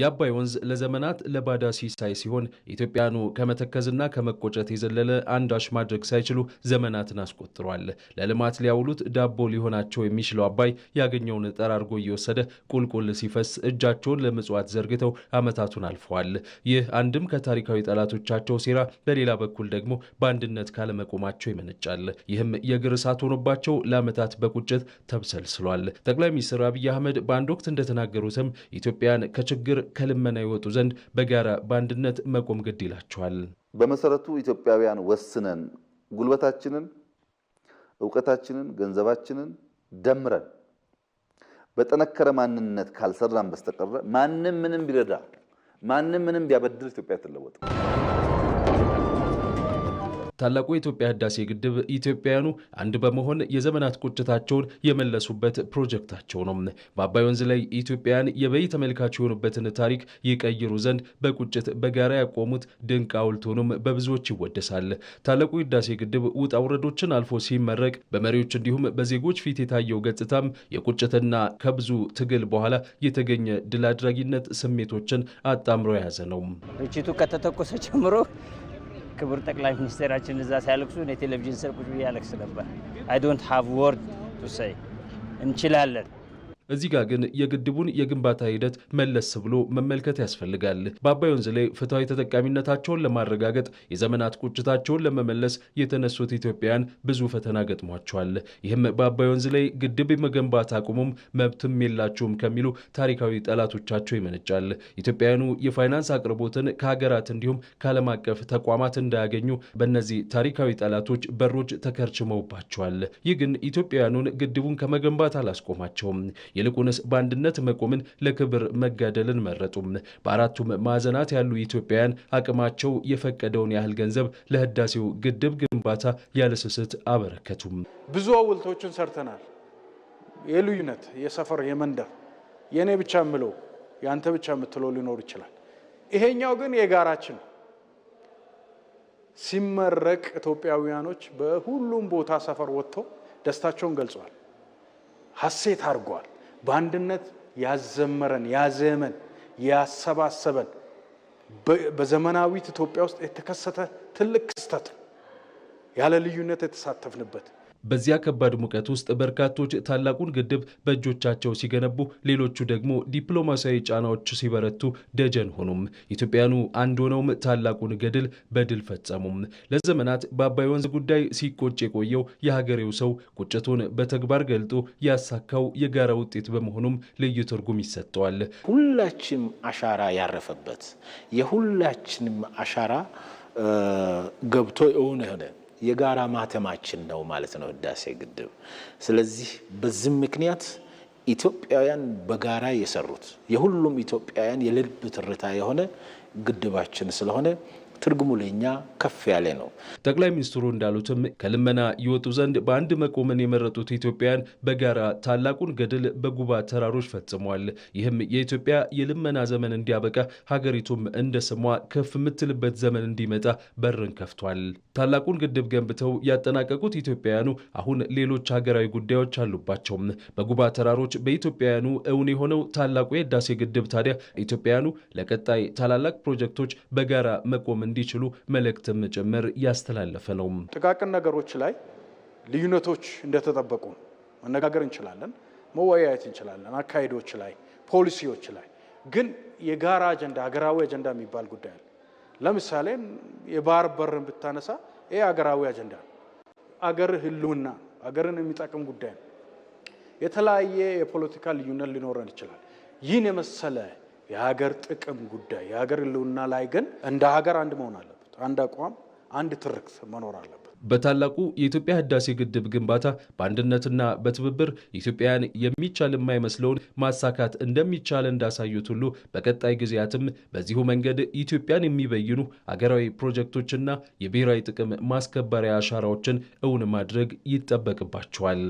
የአባይ ወንዝ ለዘመናት ለባዳ ሲሳይ ሲሆን ኢትዮጵያኑ ከመተከዝና ከመቆጨት የዘለለ አንዳች ማድረግ ሳይችሉ ዘመናትን አስቆጥሯል። ለልማት ሊያውሉት ዳቦ ሊሆናቸው የሚችለው አባይ ያገኘውን ጠራርጎ እየወሰደ ቁልቁል ሲፈስ እጃቸውን ለምጽዋት ዘርግተው ዓመታቱን አልፈዋል። ይህ አንድም ከታሪካዊ ጠላቶቻቸው ሴራ፣ በሌላ በኩል ደግሞ በአንድነት ካለመቆማቸው ይመነጫል። ይህም የእግር እሳት ሆኖባቸው ለዓመታት በቁጭት ተብሰልስሏል። ጠቅላይ ሚኒስትር አብይ አህመድ በአንድ ወቅት እንደተናገሩትም ኢትዮጵያን ከችግር ከልመና ይወጡ ዘንድ በጋራ በአንድነት መቆም ግድ ይላቸዋል። በመሰረቱ ኢትዮጵያውያን ወስነን ጉልበታችንን፣ እውቀታችንን፣ ገንዘባችንን ደምረን በጠነከረ ማንነት ካልሰራን በስተቀረ ማንም ምንም ቢረዳ ማንም ምንም ቢያበድር ኢትዮጵያ አትለወጥም። ታላቁ የኢትዮጵያ ህዳሴ ግድብ ኢትዮጵያውያኑ አንድ በመሆን የዘመናት ቁጭታቸውን የመለሱበት ፕሮጀክታቸው ነው። በአባይ ወንዝ ላይ ኢትዮጵያውያን የበይ ተመልካች የሆኑበትን ታሪክ ይቀይሩ ዘንድ በቁጭት በጋራ ያቆሙት ድንቅ ሐውልቱንም በብዙዎች ይወደሳል። ታላቁ የህዳሴ ግድብ ውጣ ውረዶችን አልፎ ሲመረቅ በመሪዎች እንዲሁም በዜጎች ፊት የታየው ገጽታም የቁጭትና ከብዙ ትግል በኋላ የተገኘ ድል አድራጊነት ስሜቶችን አጣምሮ የያዘ ነው። ርችቱ ከተተኮሰ ጀምሮ ክቡር ጠቅላይ ሚኒስቴራችን እዛ ሲያለቅሱ እኔ ቴሌቪዥን ስር ቁጭ ብዬ አለቅስ ነበር። አይ ዶንት ሃቭ ወርድ ቱ ሴይ። እንችላለን እዚህ ጋር ግን የግድቡን የግንባታ ሂደት መለስ ብሎ መመልከት ያስፈልጋል። በአባይ ወንዝ ላይ ፍትሐዊ ተጠቃሚነታቸውን ለማረጋገጥ የዘመናት ቁጭታቸውን ለመመለስ የተነሱት ኢትዮጵያውያን ብዙ ፈተና ገጥሟቸዋል። ይህም በአባይ ወንዝ ላይ ግድብ መገንባት አቁሙም መብትም የላቸውም ከሚሉ ታሪካዊ ጠላቶቻቸው ይመነጫል። ኢትዮጵያውያኑ የፋይናንስ አቅርቦትን ከሀገራት እንዲሁም ከዓለም አቀፍ ተቋማት እንዳያገኙ በእነዚህ ታሪካዊ ጠላቶች በሮች ተከርችመውባቸዋል። ይህ ግን ኢትዮጵያውያኑን ግድቡን ከመገንባት አላስቆማቸውም። ይልቁንስ በአንድነት መቆምን ለክብር መጋደልን መረጡም። በአራቱም ማዕዘናት ያሉ ኢትዮጵያውያን አቅማቸው የፈቀደውን ያህል ገንዘብ ለህዳሴው ግድብ ግንባታ ያለስስት አበረከቱም። ብዙ ሐውልቶችን ሰርተናል። የልዩነት የሰፈር የመንደር የእኔ ብቻ የምለው የአንተ ብቻ የምትለው ሊኖር ይችላል። ይሄኛው ግን የጋራችን ሲመረቅ ኢትዮጵያውያኖች በሁሉም ቦታ ሰፈር ወጥተው ደስታቸውን ገልጸዋል፣ ሀሴት አድርገዋል። በአንድነት ያዘመረን ያዘመን ያሰባሰበን በዘመናዊት ኢትዮጵያ ውስጥ የተከሰተ ትልቅ ክስተት ያለ ልዩነት የተሳተፍንበት በዚያ ከባድ ሙቀት ውስጥ በርካቶች ታላቁን ግድብ በእጆቻቸው ሲገነቡ፣ ሌሎቹ ደግሞ ዲፕሎማሲያዊ ጫናዎች ሲበረቱ ደጀን ሆኑም። ኢትዮጵያኑ አንድ ሆነውም ታላቁን ገድል በድል ፈጸሙም። ለዘመናት በአባይ ወንዝ ጉዳይ ሲቆጭ የቆየው የሀገሬው ሰው ቁጭቱን በተግባር ገልጦ ያሳካው የጋራ ውጤት በመሆኑም ልዩ ትርጉም ይሰጠዋል። ሁላችንም አሻራ ያረፈበት የሁላችንም አሻራ ገብቶ እውን ሆነ የጋራ ማተማችን ነው ማለት ነው ህዳሴ ግድብ። ስለዚህ በዚህም ምክንያት ኢትዮጵያውያን በጋራ የሰሩት የሁሉም ኢትዮጵያውያን የልብ ትርታ የሆነ ግድባችን ስለሆነ ትርጉሙ ለኛ ከፍ ያለ ነው። ጠቅላይ ሚኒስትሩ እንዳሉትም ከልመና ይወጡ ዘንድ በአንድ መቆምን የመረጡት ኢትዮጵያውያን በጋራ ታላቁን ገድል በጉባ ተራሮች ፈጽሟል። ይህም የኢትዮጵያ የልመና ዘመን እንዲያበቃ ሀገሪቱም እንደ ስሟ ከፍ የምትልበት ዘመን እንዲመጣ በርን ከፍቷል። ታላቁን ግድብ ገንብተው ያጠናቀቁት ኢትዮጵያውያኑ አሁን ሌሎች ሀገራዊ ጉዳዮች አሉባቸው። በጉባ ተራሮች በኢትዮጵያውያኑ እውን የሆነው ታላቁ የህዳሴ ግድብ ታዲያ ኢትዮጵያውያኑ ለቀጣይ ታላላቅ ፕሮጀክቶች በጋራ መቆምን እንዲችሉ መልእክትም ጭምር ያስተላለፈ ነው። ጥቃቅን ነገሮች ላይ ልዩነቶች እንደተጠበቁ መነጋገር እንችላለን፣ መወያየት እንችላለን። አካሄዶች ላይ፣ ፖሊሲዎች ላይ ግን የጋራ አጀንዳ ሀገራዊ አጀንዳ የሚባል ጉዳይ አለ። ለምሳሌ የባህር በርን ብታነሳ ይህ ሀገራዊ አጀንዳ ነው። አገር ህልውና አገርን የሚጠቅም ጉዳይ ነው። የተለያየ የፖለቲካ ልዩነት ሊኖረን ይችላል። ይህን የመሰለ የሀገር ጥቅም ጉዳይ የሀገር ህልውና ላይ ግን እንደ ሀገር አንድ መሆን አለበት። አንድ አቋም፣ አንድ ትርክት መኖር አለበት። በታላቁ የኢትዮጵያ ህዳሴ ግድብ ግንባታ በአንድነትና በትብብር ኢትዮጵያን የሚቻል የማይመስለውን ማሳካት እንደሚቻል እንዳሳዩት ሁሉ በቀጣይ ጊዜያትም በዚሁ መንገድ ኢትዮጵያን የሚበይኑ አገራዊ ፕሮጀክቶችና የብሔራዊ ጥቅም ማስከበሪያ አሻራዎችን እውን ማድረግ ይጠበቅባቸዋል።